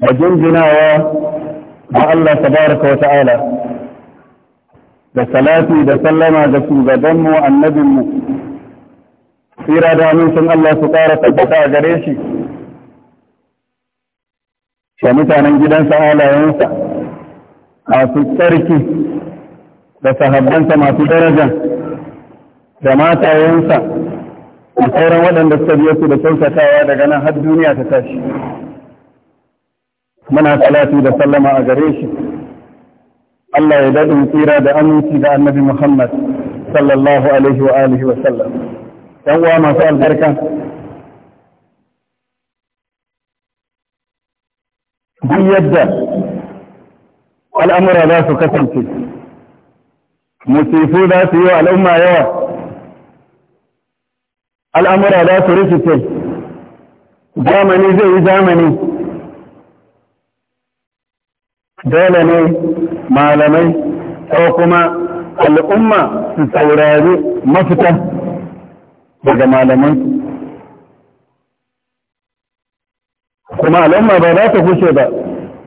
da jinjinawa ga Allah tabaraka wa ta'ala da salati da sallama ga shugabanmu annabinmu tsira da amincin Allah su ƙara tabbata a gare shi da mutanen gidansa halayensa masu tsarki da sahabbansa masu daraja da matayensa da sauran waɗanda suka biyo su da kyautatawa daga nan har duniya ta tashi muna salati da sallama a gare shi Allah ya daɗin tsira da aminci ga annabi Muhammad sallallahu alaihi wa alihi wa sallam ɗan uwa masu albarka duk yadda al'amura za su kasance musifu za su yi wa al'umma yawa al'amura za su rikice zamani zai yi zamani dole ne malamai ko kuma al'umma su saurari mafita daga malaman kuma al'umma ba za ta kushe ba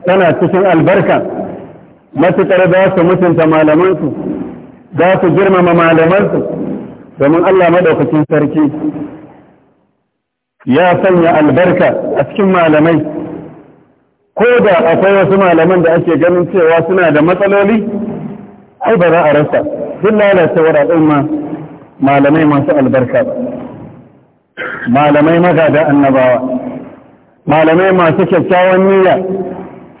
tana cikin albarka matuƙar za su mutunta malamansu za su girmama malamansu domin Allah maɗaukacin sarki ya sanya albarka a cikin malamai ko da akwai wasu malaman da ake ganin cewa suna da matsaloli ai ba za a rasa duk lalacewar ma malamai masu albarka malamai magada annabawa malamai masu kyakkyawan niyya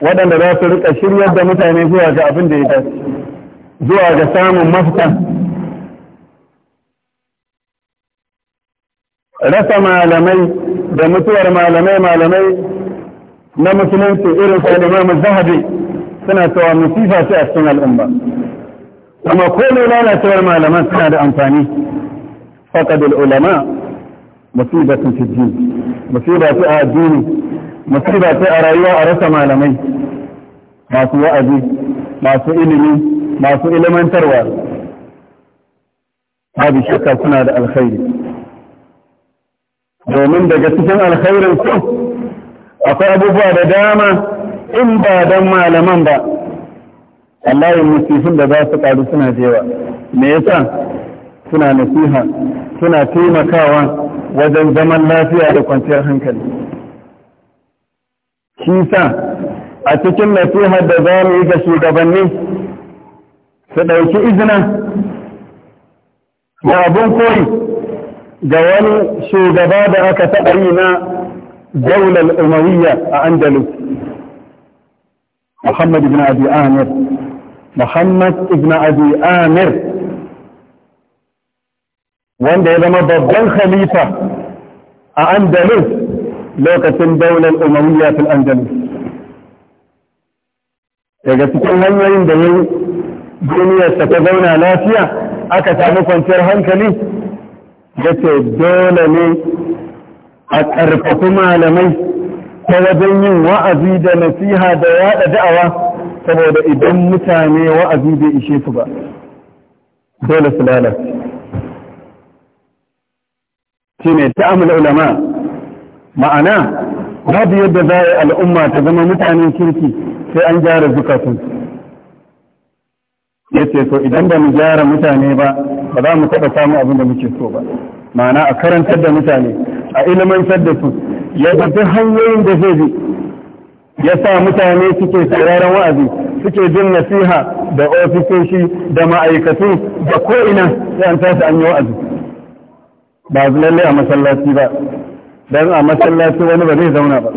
waɗanda za su riƙa shiryar da mutane zuwa ga abin da ya dace zuwa ga samun mafita rasa malamai da mutuwar malamai malamai na musulunci irin sa imamu zahabi suna cewa musifa ce a cikin al'umma amma ko ne lalacewar malaman suna da amfani faqadul ulama musibatun fi din musiba ce a addini musiba ce a rayuwa a rasa malamai masu wa'azi masu ilimi masu ilimantarwa babu shakka suna da alkhairi domin daga cikin alkhairin su akwai abubuwa da dama in ba dan malaman ba wallahi musifin da za su karu suna jewa me yasa suna nasiha suna taimakawa wajen zaman lafiya da kwanciyar hankali shi a cikin nasihar da za yi ga shugabanni su ɗauki izina da abin koyi ga wani shugaba da aka taɓa yi na daular umariya a andalus muhammad ibn abi amir muhammad ibn abi amir wanda ya zama babban khalifa a andalus lokacin daular umariya fil andalus daga cikin hanyoyin da ya duniyarsa ta zauna lafiya aka samu kwanciyar hankali yace dole ne a ƙarfafi malamai ta wajen yin wa'azi da nasiha da yaɗa da'awa saboda idan mutane wa'azi bai ishe su ba dole su lalace shi ta ta'amul ulama ma'ana babu yadda za a yi al'umma ta zama mutanen kirki sai an gyara zukatunsu ya ce to idan ba mu gyara mutane ba ba za mu taɓa samun abin da muke so ba ma'ana a karantar da mutane a ilimantar da su ya tafi hanyoyin da zai bi ya sa mutane suke sauraron wa'azi suke jin nasiha da ofisoshi da ma'aikatu da ko'ina sai an tashi an yi wa'azi ba lallai a masallaci ba don a masallaci wani ba zai zauna ba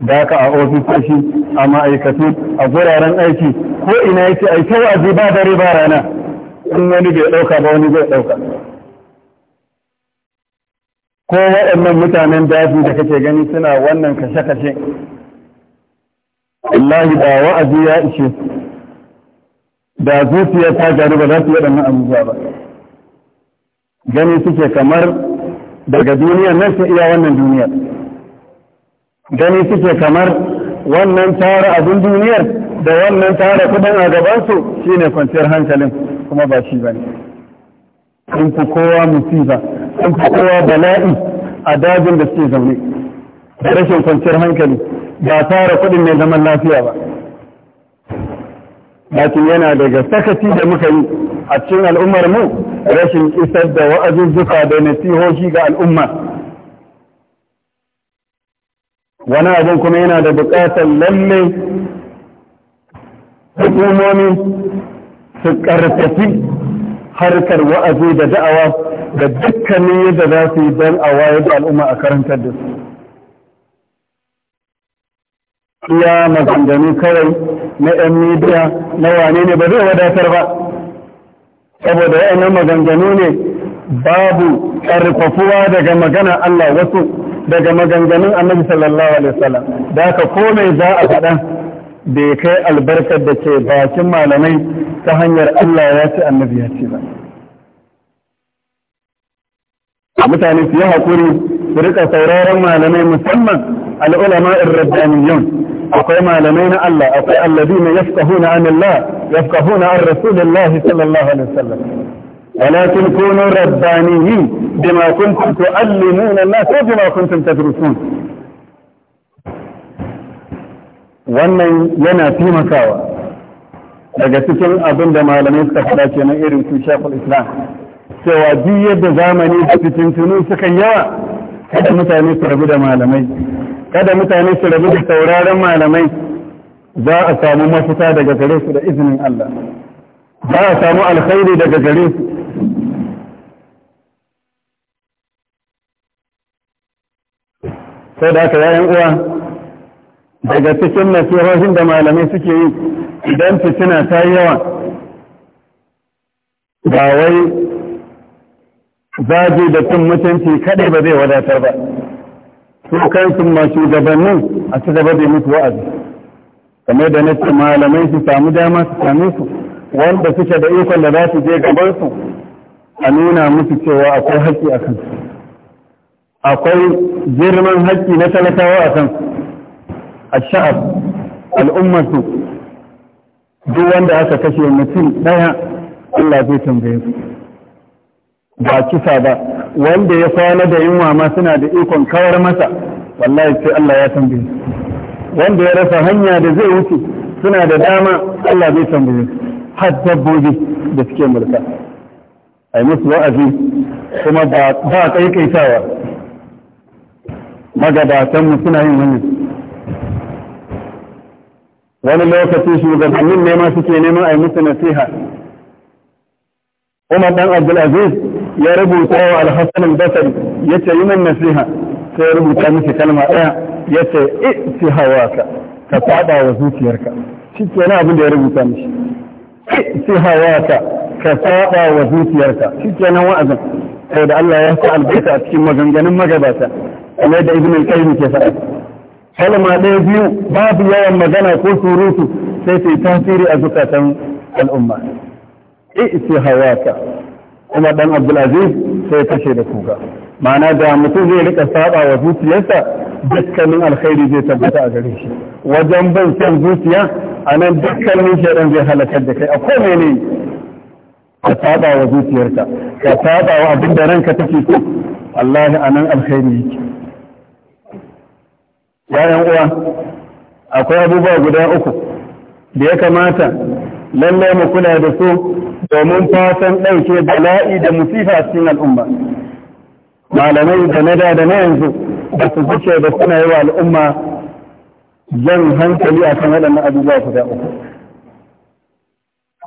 da ka a ofisoshi a ma'aikatu a guraren aiki ko ina yake ai ta wazi ba dare ba rana in wani bai ɗauka ba wani zai ɗauka ko waɗannan mutanen daji da kake gani suna wannan kashe-kashe Allah da wa'azi ya ishe da zuciya ta gari ba za su ɗannan abubuwa ba gani suke kamar daga duniya nan su iya wannan duniyar gani suke kamar wannan tara abin duniyar da wannan tara kudin a gabansu shine kwanciyar hankalin kuma ba shi ba ne in ku kowa musiba in ku kowa bala'i a dajin da suke zaune da rashin kwanciyar hankali ba tara kudin mai zaman lafiya ba lakin yana daga sakaci da muka yi a cikin al'ummar mu rashin isar da wa'azuzzuka da nasihohi ga al'umma wani abin kuma yana da bukatar lalle hukumomi su ƙarfafi harkar wa'azi da da'awa da dukkanin yadda za su yi don a wayar da al'umma a karantar da su iya maganganu kawai na 'yan midiya na wane ne ba zai wadatar ba saboda wa'annan maganganu ne babu ƙarfafuwa daga magana Allah wasu daga maganganun annabi sallallahu alaihi wasallam da haka komai za a faɗa bai kai albarkar da ke bakin malamai ta hanyar Allah ya ce annabi ya ce ba A mutane su yi hakuri su rika sauraron malamai musamman al'ulama irrabbaniyon akwai malamai na Allah akwai alladina yafqahuna an Allah yafqahuna an rasulillahi sallallahu alaihi wasallam ولكن كونوا ربانيين بما كنتم تعلمون الناس وبما كنتم تدرسون wannan yana taimakawa daga cikin abin da malamai suka faɗa kenan irin su shafin islam cewa duk yadda zamani da fitintunu sukan yawa kada mutane su rabu da malamai kada mutane su rabu da sauraron malamai za a samu mafita daga gare su da izinin Allah za a samu alkhairi daga gare su sai da aka yayan uwa daga cikin nasihohin da malamai suke yi idan fitina ta yi yawa ba wai zaji da cin mutunci kaɗai ba zai wadatar ba su kansu masu gabanin a ci gaba da mutu wa'azi kamar da ce malamai su samu dama su same su wanda suke da ikon da za su je gabansu a nuna musu cewa akwai haƙƙi a kansu akwai girman haƙƙi na talakawa a kan ashab al'ummatu duk wanda aka kashe mutum ɗaya Allah zai tambaye su ba kisa ba wanda ya kwana da yunwa ma suna da ikon kawar masa wallahi sai Allah ya tambaye su wanda ya rasa hanya da zai wuce suna da dama Allah zai tambaye su har dabbobi da suke mulka ai musu wa'azi kuma ba ba kaitawa magabatanmu suna yin wannan wani lokaci shugabannin nema suke neman a yi musu nasiha umar dan abdulaziz ya rubuta wa alhassan al-basri ya ce yi min nasiha sai ya rubuta miki kalma ɗaya ya ce iti hawa ka fada wa zuciyarka shi ke abin da ya rubuta mishi iti hawaka ka fada wa zuciyarka shi ke nan wa'azin sai da Allah ya sa albarka a cikin maganganun magabata kamar da ibn al-qayyim ke faɗa kalma ɗaya biyu babu yawan magana ko surutu sai ta tasiri a zukatan al'umma i'ti hawaka kuma dan abdulaziz sai kashe da kuka ma'ana da mutum zai rika saba wa zuciyarsa dukkanin alkhairi zai tabbata a gare shi wajen ban san zuciya a nan dukkanin shaidan zai halakar da kai a kome ne ka saba wa zuciyarka ka saba wa abin da ranka take so wallahi a nan alkhairi yake 'yan uwa akwai abubuwa guda uku da ya kamata lallai mu kula da su domin fatan ɗauke bala'i da musifa cikin al'umma malamai da na da na yanzu ba su zuce da suna yi wa al'umma jan hankali a kan waɗannan abubuwa guda uku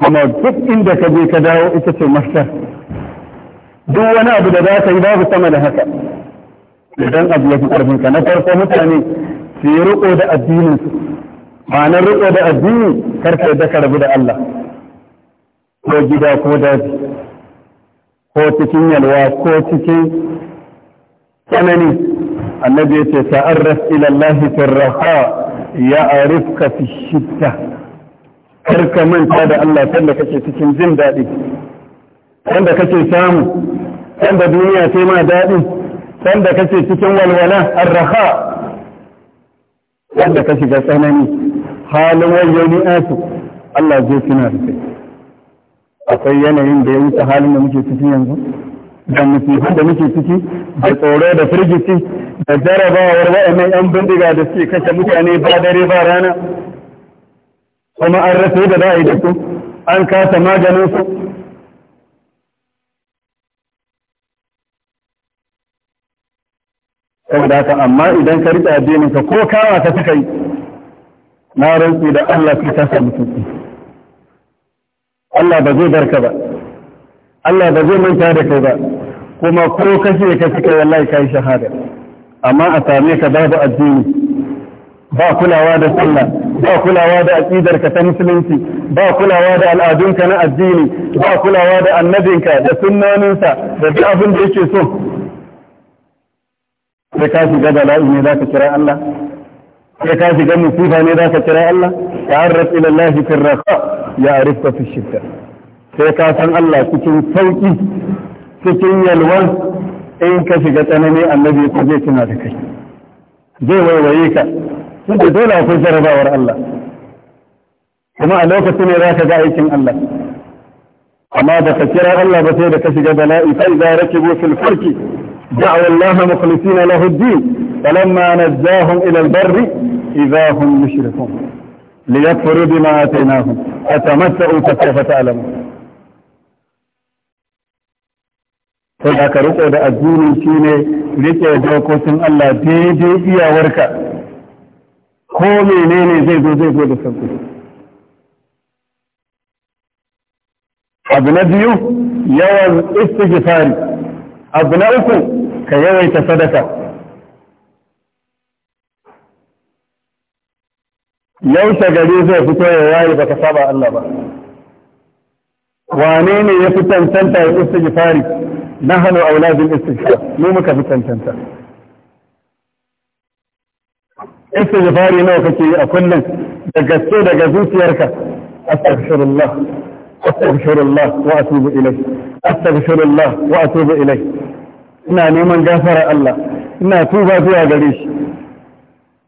kuma duk inda ka je ka dawo ita ce mastar. duk wani abu da za ka yi babu sama da haka idan abu ya fi ƙarfin ka na farko mutane su yi riƙo da addinin su ma'anar riƙo da addini karka yadda ka rabu da Allah ko gida ko daji ko cikin yalwa ko cikin tsanani annabi ya ce ta'arraf ila Allah fi raha ya arifka fi shidda karka manta da Allah sanda kake cikin jin daɗi sanda kake samu sanda duniya ce ma daɗi sanda kake cikin walwala arraha wanda ka shiga tsanani halin wayyani asu Allah zai tuna da kai akwai yanayin da ya wuce halin da muke ciki yanzu da musibin da muke ciki da tsoro da firgici da jarabawar wa'annan yan bindiga da suke kashe mutane ba dare ba rana kuma an rasa da za a yi da su an kasa maganin su saboda haka amma idan ka rike addininka ko kawa ta suka yi na rantsi da Allah sai ka samu Allah ba zai barka ba Allah ba zai manta da kai ba kuma ko kashe ka suka wallahi kai shahada amma a same ka babu addini ba kulawa da sallah ba kulawa da aqidar ka ta musulunci ba kulawa da al'adunka na addini ba kulawa da annabinka da sunnoninsa da duk abin da yake so sai ka shiga bala'i ne za ka kira Allah sai ka shiga musifa ne za ka kira Allah Ya ila Allah fi raqa ya arifka fi shidda sai ka san Allah cikin sauki cikin yalwa, in ka shiga tsanani annabi ko zai tuna da kai zai waiwaye ka tunda dole akwai jarabawar Allah kuma a lokacin ne za ka ga aikin Allah amma da ka kira Allah ba sai da ka shiga bala'i fa idza rakibu fil farki دعوا الله مخلصين له الدين فلما نجاهم إلى البر إذا هم مشركون ليكفروا بما آتيناهم أتمتعوا فسوف تعلمون sai aka riko da addini shine rike dokokin Allah daidai iyawarka ko menene zai zo zai zo da sauki abu na biyu yawan istighfari abu na uku ka yawaita sadaka yaushe gari zai fito ya yayi baka saba Allah ba wane ne ya fi tantanta ya istighfari na hannu auladin istighfar mu muka fi tantanta istighfari nawa kake yi a kullum da gaske daga zuciyarka astaghfirullah astaghfirullah wa atubu ilayh astaghfirullah wa atubu ilayh ina neman gafara Allah ina tuba zuwa gare shi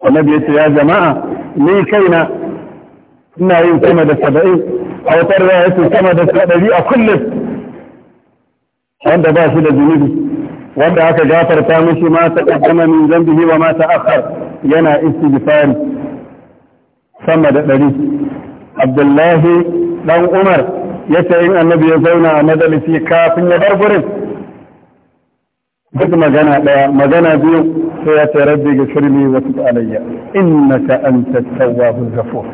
annabi ya ce ya jama'a ni kaina ina yin sama da saba'in a wata ruwa ya sama da ɗari a kullum wanda ba shi da zunubi wanda aka gafarta mishi ma ta ƙaddama min zambihi wa ma ta akhar yana istighfari sama da ɗari abdullahi dan umar ya in annabi ya zauna a madalisi kafin ya bar gurin duk magana ɗaya magana biyu sai ya ce rabbi gafirli wa tub alayya innaka antat tawwabur ghafur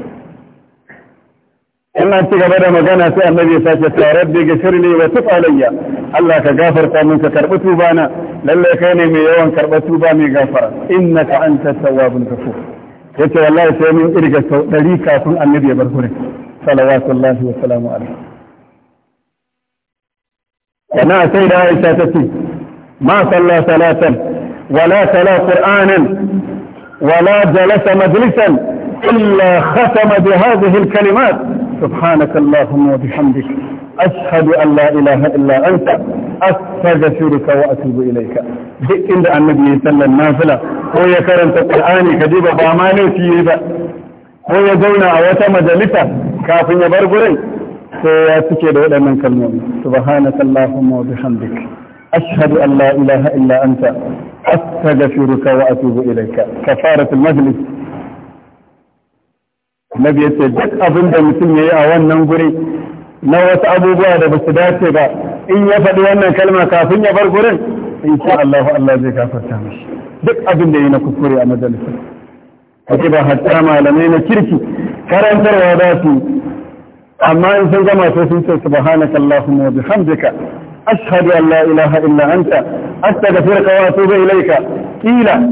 in an ci gaba da magana sai annabi ya sake cewa rabbi gafirli wa tub alayya Allah ka gafarta min ka karbi tuba na lalle kai ne mai yawan karba tuba mai gafara innaka antat tawwabur ghafur yace wallahi sai mun irga sau 100 kafin annabi ya bar gurin salawatullahi wa salamu alaihi ana sai da Aisha ta ce ما صلى ثلاثا ولا تلا قرآنا ولا جلس مجلسا إلا ختم بهذه الكلمات سبحانك اللهم وبحمدك أشهد أن لا إله إلا أنت أستغفرك وأتوب إليك بإن النبي صلى الله عليه وسلم هو يكرم القرآن كذيب بأمانه في يبا هو يدون آيات مجلسة كافي يبرغرين سيأتك يدعو لمن سبحانك اللهم وبحمدك أشهد أن لا إله إلا أنت أستغفرك وأتوب إليك كفارة المجلس Nabi ya ce duk abin mutum ya yi a wannan guri na wasu abubuwa da ba su dace ba in ya faɗi wannan kalma kafin ya bar gurin in sha Allah Allah zai gafarta mishi duk abin da yi na kuskure a ba malamai na kirki karantarwa za su amma in sun gama sai sun ce subhanaka allahumma wa bihamdika أشهد أن لا إله إلا أنت أستغفرك وأتوب إليك إلى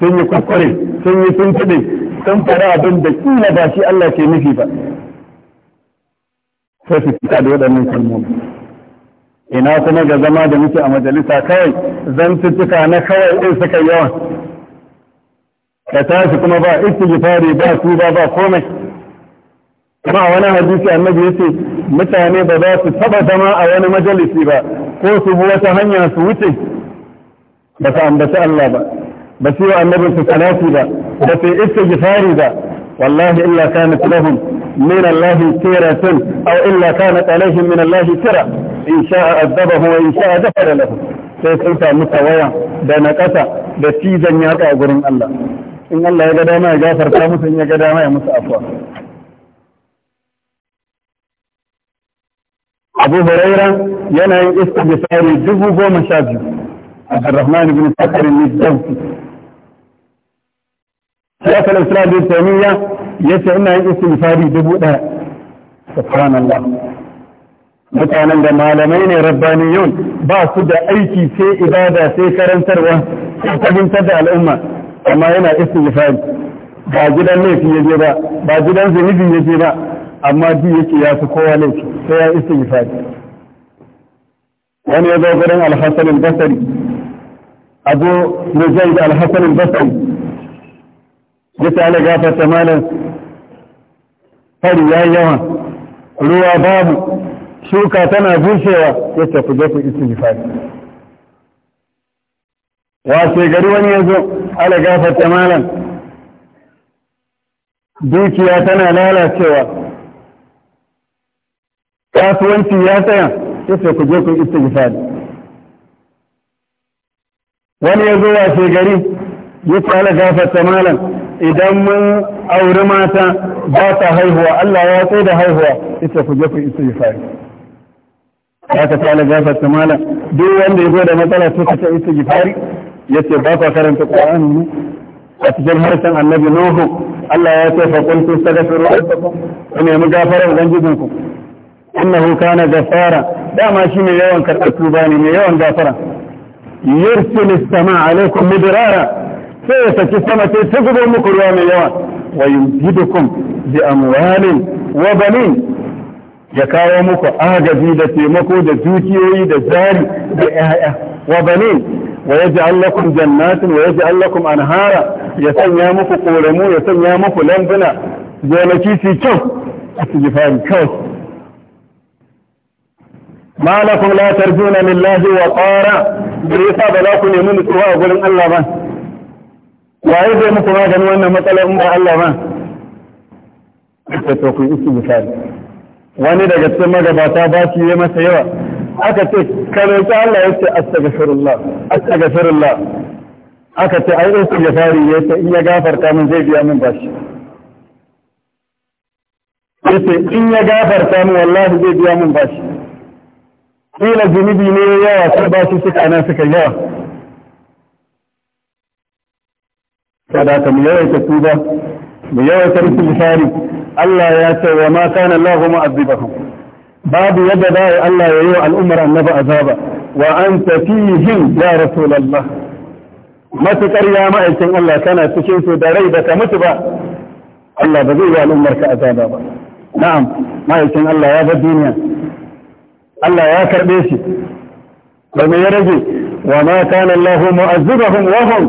سن يكفري سن يتنتبي سن ترى بندك إلى باشي الله كي نفيفا ففي كتاب يدى من كلمون إنا كما جزما جميسي أمجلسا كوي زن ستكا نخوي إيسكا يوان كتاشي كما با إتجفاري با سوبا با كومي كما وانا حديثي أنه يسي mutane ba za su taba zama a wani majalisi ba ko su bi wata hanya su wuce ba su ambaci Allah ba ba su yi annabin su salati ba ba su yi gifari ba wallahi illa kanat lahum min Allah tiratun aw illa kanat alaihim min Allah tira in sha'a azabahu wa in sha'a ghafara lahum sai sun samu tawaya da naƙasa da cizon yaka a gurin Allah in Allah ya ga dama ya gafarta musu ya ga dama ya musu afuwa. abu huraira iska da istighfari dubu goma sha biyu abdurrahman ibn sakar ibn dawsi shaykh al-islam ibn Ya ce ina yin iska da istighfari dubu daya subhanallah mutanen da malamai ne yau ba su da aiki sai ibada sai karantarwa sai fahimtar da al'umma amma yana iska da istighfari ba gidan laifi yaje ba ba gidan zunubi yaje ba amma duk yake ya fi kowa laifi sai ya isa fadi wani ya zo alhassanin basari a basari abu zai da alhassanin basari ya ta ala gafa malam fari ya yawa ruwa babu shuka tana bushewa ya tafi je ku istighfar wace gari wani ya zo ala gafa malam dukiya tana lalacewa kasuwanci ya tsaya sai sai ku je ku istighfar wani ya zo ce gari ya tsala gafarta malam idan mun auri mata ba ta haihuwa Allah ya tsaye da haihuwa ita ku je ku istighfar ya ka tsala gafarta malam duk wanda ya zo da matsala sai ka ta ya ce ba ka karanta Qur'ani ne a cikin harshen Annabi Nuhu Allah ya ce fa kuntu tastaghfiru rabbakum ku nemi gafara ubangijinku انه كان غفارا لا ما شي من يوان كالأكوباني من يوان غفارا يرسل السماء عليكم مدرارا سيسك السماء تتقبوا مقرام يوان ويمجدكم بأموال وبلين يكاو مكو آغا جيدة مكو دا زوتي ويدا زاري وبلين ويجعل لكم جنات ويجعل لكم أنهارا يسن يا مكو قولمو يسن يا مكو لنبنا جولكي سيكو أتجفان كوث ما لكم لا ترجون لله وقارا بريسا بلاكم يمون سواء قلن الله بان وعيد يمكم هذا نوانا مثلا امبا الله بان حتى توقي اسم مثال واني دقا تسمى قباتا باتي يما سيوا اكت كم يتا الله يتا استغفر الله استغفر الله اكت اي اسم يفاري يتا ان يغافر كامن زيد يامن باش يتا ان يغافر كامن والله زيد يا من باش kila zunubi ne yawa ko ba su suka na suka yawa sadaka mu ta tuba ta yawaita istighfari Allah ya ce wa ma kana Allahu mu'azzibahum babu yadda da Allah ya yi wa al'ummar annaba azaba wa anta fihim ya rasulullah matukar ya ma'aikin Allah kana cikin su da rai da ka mutu ba Allah ba zai yi wa al'ummar ka azaba ba na'am ma'aikin Allah ya bar duniya Allah ya karɓe shi da me ya rage wa ma kana Allahu mu'azzibahum wa hum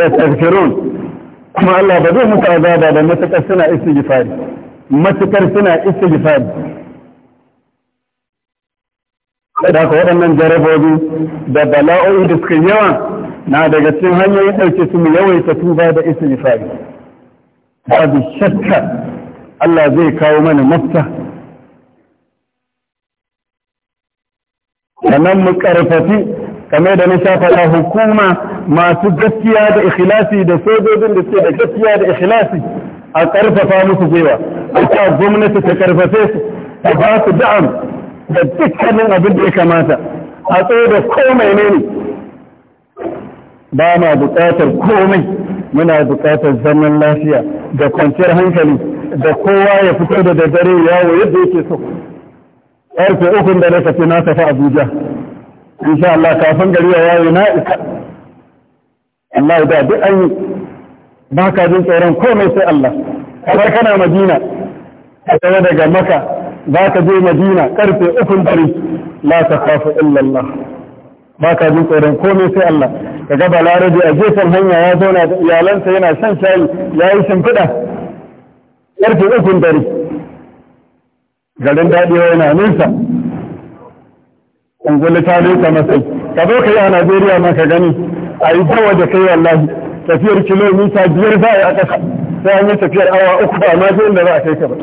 yastaghfirun kuma Allah ba zai musu azaba da matukar suna istighfari matukar suna istighfari da ka waɗannan jarabobi da bala'o'i da suka yawa na daga cikin hanyoyin ɗauke su mu yawaita tuba da istighfari babu shakka Allah zai kawo mana mafita sannan mu karfafi kame da na shafa hukuma masu gaskiya da ikhlasi da sojojin da suke da gaskiya da ikhlasi a karfafa musu gwiwa a ta gwamnati ta karfafe su a ba su da'am da dukkanin abin da ya kamata a tsaye da komai ne ba ma buƙatar komai muna buƙatar zaman lafiya da kwanciyar hankali da kowa ya fito da daddare yawo yadda yake so ƙarfe ukun da na tafi na tafi abuja insha Allah kafin gari ya yayi na isa Allah da duk an yi ba ka jin tsoron komai sai Allah kamar kana madina a tsaye daga maka za ka je madina ƙarfe ukun dare la ta kafa illallah ba ka jin tsoron komai sai Allah ka ga balarabe a gefen hanya ya zauna da iyalansa yana shan shayi ya yi shimfiɗa ƙarfe ukun dare garin daɗewa yana nesa ungulu ta nesa masai ka zo ka yi a najeriya ma ka gani a yi dawa da kai wallahi tafiyar kilomita biyar za a yi a ƙasa sai an yi tafiyar awa uku ba ma zai da za a kai ka ba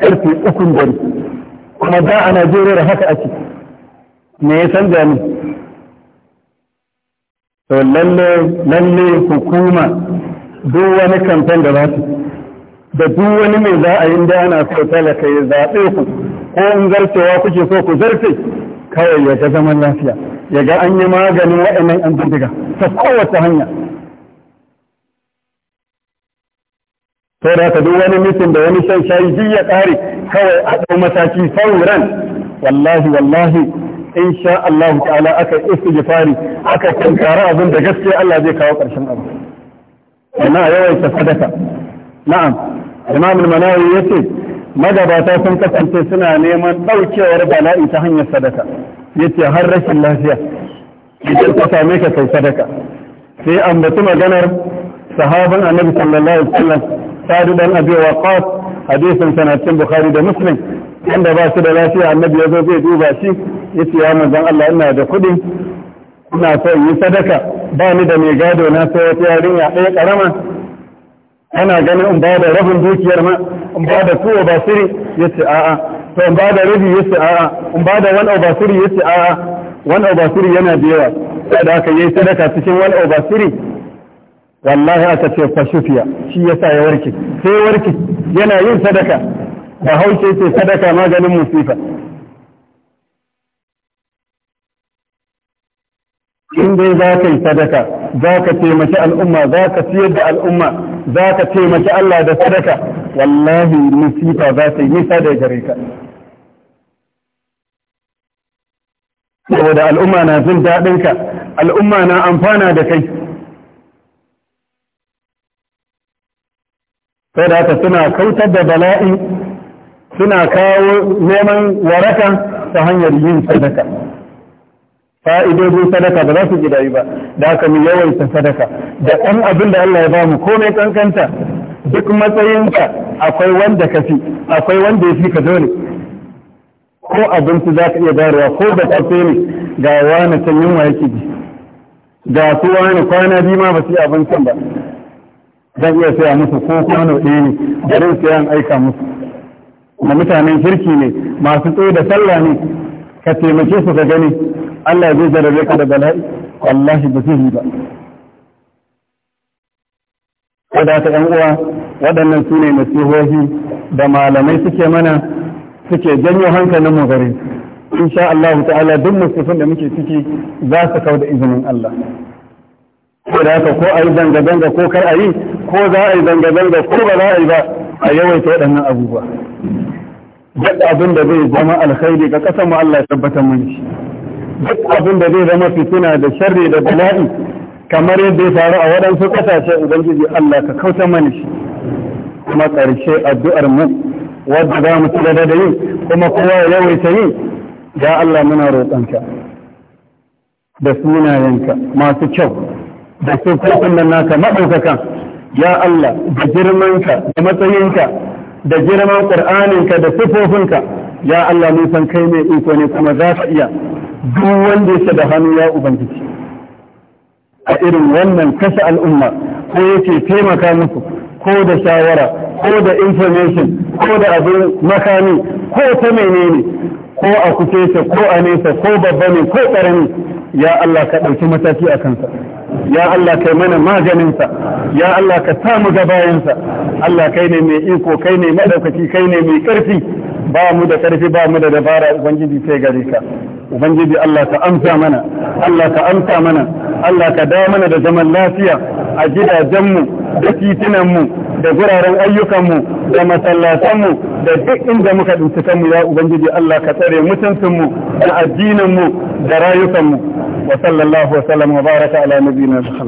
ƙarfe ukun dare kuma da a najeriya da haka ake me ya canza ne to lalle lalle hukuma duk wani kamfen da za su da duk wani mai za a yi da ana so talaka ya zaɓe ku ko in zartewa kuke so ku zarce kawai ya ga zaman lafiya ya ga an yi maganin waɗannan an bindiga ta kowace hanya sai da ka duk wani mutum da wani shan shayi ji ya ƙare kawai a ɗau mataki sauran wallahi wallahi in sha Allah ta'ala aka istighfari aka tankara abin da gaskiya Allah zai kawo ƙarshen abu ina yawaita sadaka na'am imam al-manawi yace magabata sun kasance suna neman daukewar bala'i ta hanyar sadaka yace har rashin lafiya idan ka same ka kai sadaka sai ambaci maganar sahaban annabi sallallahu alaihi wasallam sadu dan abi waqas hadisin sanatin bukhari da muslim inda ba shi da lafiya annabi yazo zai duba shi yace ya manzon Allah ina da kuɗi ina so yi sadaka ba ni da mai gado na sai wata yarinya ɗaya karama ana ganin in ba da rabin dukiyar ma in ba da tuwa ba siri ya ce a'a to in ba da rabi ya ce a'a in ba da wani ba siri ya ce a'a wani ba siri yana da yawa sai da aka yi sadaka cikin wani ba siri wallahi aka ce shufiya shi yasa ya warke sai warke yana yin sadaka da haushe ce sadaka maganin musifa in dai za ka yi sadaka za ka taimaki al'umma za ka siyar da al'umma za ka taimaki Allah da sadaka wallahi musifa za ta yi nisa da gare ka saboda al'umma na jin ka. al'umma na amfana da kai sai da haka suna kautar da bala'i suna kawo neman waraka ta hanyar yin sadaka fa'idodin sadaka ba za su ji ba da aka mu yawaita sadaka da ɗan abin da Allah ya ba mu komai kankanta duk matsayinka akwai wanda ka fi akwai wanda ya fi ka dole ko abinci za ka iya bayarwa ko da ƙarfe ne ga wani can yunwa yake ji ga su wani kwana biyu ma ba su yi abincin ba zan iya saya musu ko kwano ɗaya ne garin yan aika musu ma mutanen kirki ne masu tsaye da sallah ne ka taimake su ka gani Allah zai zarare ka da bala'i wallahi ba zai yi ba wadda ta ‘yan uwa waɗannan su ne nasihohi da malamai suke mana suke janyo hankalin mu gare insha Allah ta'ala duk musulmin da muke ciki za su kau da izinin Allah ko da haka ko a yi zanga-zanga ko kar a yi ko za a yi zanga-zanga ko ba za a yi ba a yawaita waɗannan abubuwa duk abin da zai zama alkhairi ga ƙasar mu Allah ya tabbatar mun shi duk abin da zai zama fitina da sharri da bala'i kamar yadda ya faru a waɗansu ƙasashe ubangiji Allah ka kauta mana shi kuma ƙarshe addu'ar mu wadda za mu tsada da yi kuma kowa ya yawaita yi ya Allah muna roƙonka da sunayenka masu kyau da kofin nan naka maɗaukaka ya Allah da girmanka da matsayinka da girman ƙur'aninka da sufofinka ya Allah mun san kai mai iko ne kuma za ka iya duk wanda yake da hannu ya ubangiji a irin wannan kasa al'umma ko yake taimaka musu ko da shawara ko da information ko da abin makami ko ta menene ko a kuceta ko a nesa ko babba ne ko ƙarami ya Allah ka ɗauki mataki a kansa ya Allah kai mana maganinsa ya Allah ka samu gabayansa Allah kai ne mai iko kai ne maɗaukaki kai ne mai ƙarfi ba mu da karfi ba mu da dabara ubangiji sai gare ka ubangiji Allah ka amsa mana Allah ka amsa mana Allah ka dawo mana da zaman lafiya a gidajenmu da titunanmu da guraren ayyukanmu da masallatanmu da duk inda muka ɗauki kanmu ya ubangiji Allah ka tsare mutuncinmu da addininmu da rayukanmu wa sallallahu wa sallam wa baraka ala nabiyina Muhammad